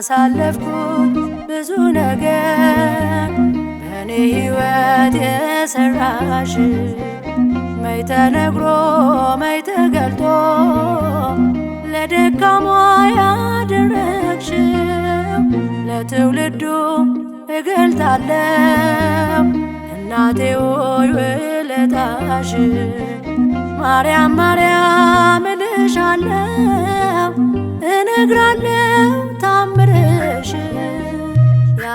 አሳለፍኩ ብዙ ነገር በእኔ ሕይወት የሰራሽ መይ ተነግሮ መይ ተገልጦ ለደካሟ ያደረግሽው ለትውልዱ እገልጣለው እናቴ ሆይ ውለታሽ ማርያም ማርያም እልሻለው እነግራለው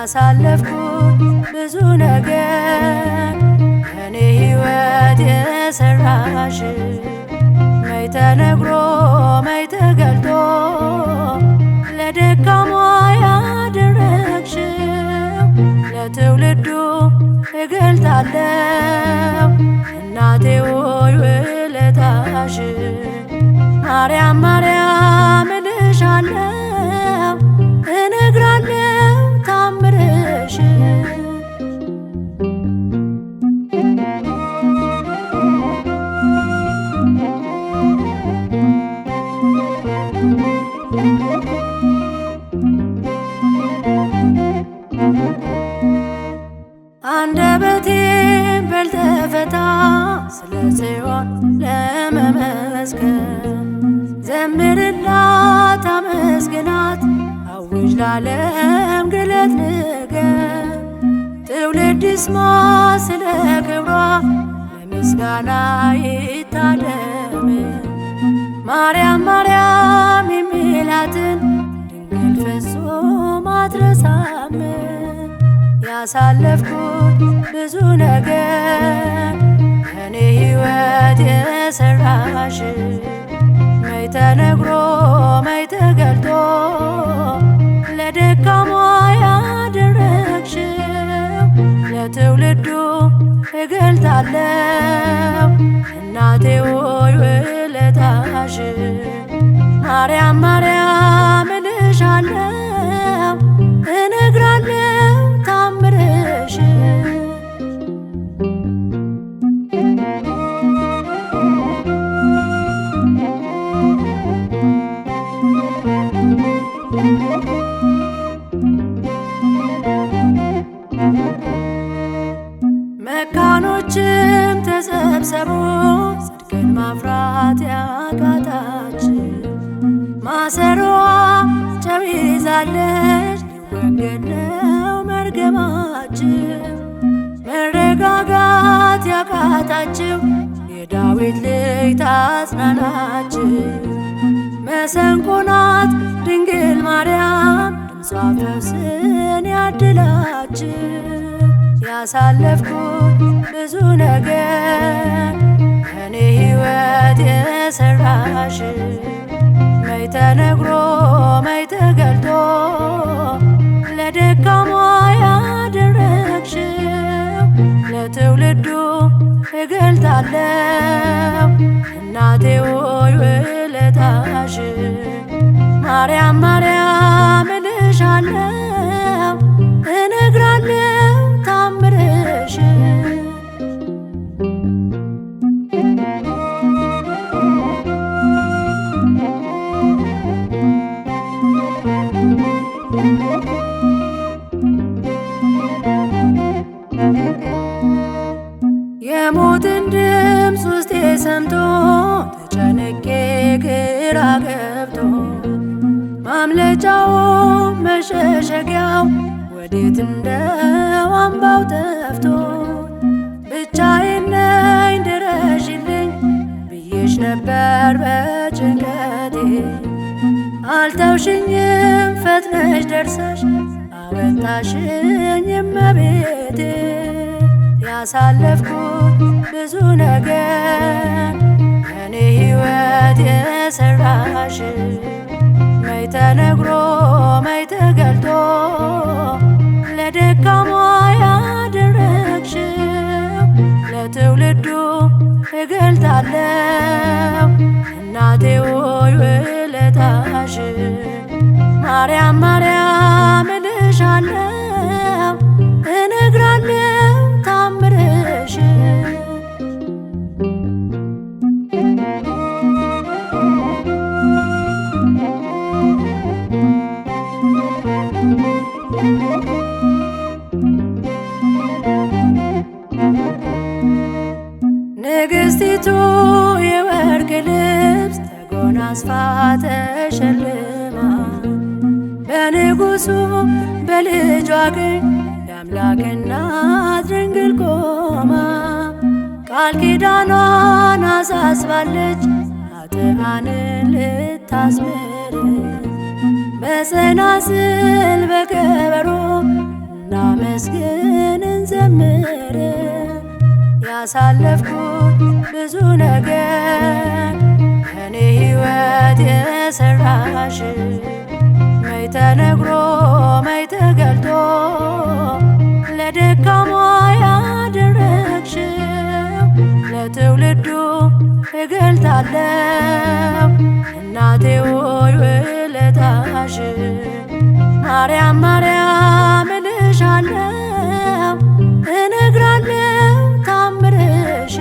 ያሳለፍኩት ብዙ ነገር እኔ ህይወት የሰራሽ መይ ተነግሮ መይ ተገልጦ ለደካሟ ያደረግሽው ለትውልዱ እገልጣለው እናቴ ሆይ ውለታሽ ማርያም አንደበቴ በል ተፈታ ስለ ጽዮን ለመመስገን ዘምርላት፣ አመስግናት፣ አውጅ ላለም ግለት ንገር ትውልድ ስማ ስለ ክብሯ ለምስጋና ይታደም ማርያም ማርያም የሚላትን ድንግል ፍጹም አትረሳም። ያሳለፍኩት ብዙ ነገር እኔ ሕይወት የሰራሽ መይ ተነግሮ መይ ተገልጦ ለደካማ ያደረግሽው ለትውልዱ እገልጣለሁ እናቴው አዛዥ ማርያም ማርያም እልሻለሁ እነግራለሁ ታምርሽ መካኖችም ተሰብሰቡ ግን ማፍራት ያቃታችን ማሰሮዋ ጨው ይዛለች ሊወገድ መርገማችን መረጋጋት ያቃታችው የዳዊት ልጅ ታጽናናችን መሰንቆ ናት ድንግል ማርያም ድምጿ ፈውስን ያድላችን ያሳለፍኩ ተነግሮ መይ ተገልጦ ለደካማ ያደረግሽው ለትውልዱ እገልጣለሁ እናቴ ሆይ ውለታሽ ማርያም ማርያም እልሻለሁ የሞትን ድምፅ ውስጤ ሰምቶ ተጨነቄ ግራ ገብቶ ማምለጫው መሸሸጊያው ወዴት እንደ ዋንባው ጠፍቶ ብቻዬን ነኝ ድረሽልኝ ብዬሽ ነበር በጭንቀቴ አልተውሽኝም ፈጥነሽ ደርሰሽ ወጣሽኝ እመቤቴ ያሳለፍኩ ብዙ ነገር እኔ ህይወት የሰራሽ መይ ተነግሮ መይ ተገልጦ ለደካሟ ያደረግሽው ለትውልዱ እገልጣለሁ እናቴ ሆይ ውለታሽ ማርያም በንጉሱ በልጇ ግን የአምላክ እናት ድንግል ቆማ ቃል ኪዳኗን አሳስባለች ኃጥኣንን ልታስምር በጸናጽል በከበሮ እናመስግን እንዘምር ያሳለፍኩ ብዙ ነገር ከኔ ሕይወት የሰራሽ ተነግሮ መይ ተገልጦ ለደካሟ ያደረግሽው ለትውልዱ እገልጣለሁ እናቴ ሆይ ውለታሽ ማርያም ማርያም እልሻለሁ እነግራለሁ ታምርሽ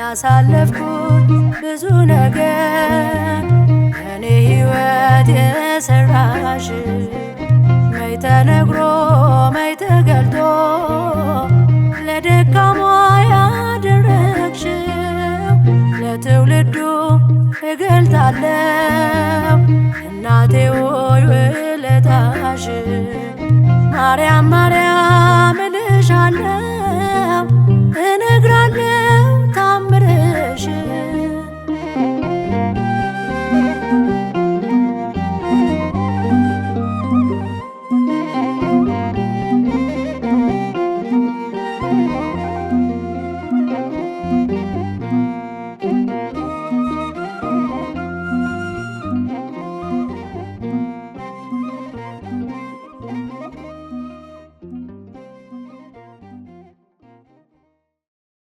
ያሳለፍኩት ብዙ ነገር የሰራሽ መይ ተነግሮ መይ ተገልጦ ለደካሟ ያደረግሽው ለትውልዱ እገልጣለሁ እናቴ ሆይ ውለታሽ ማርያም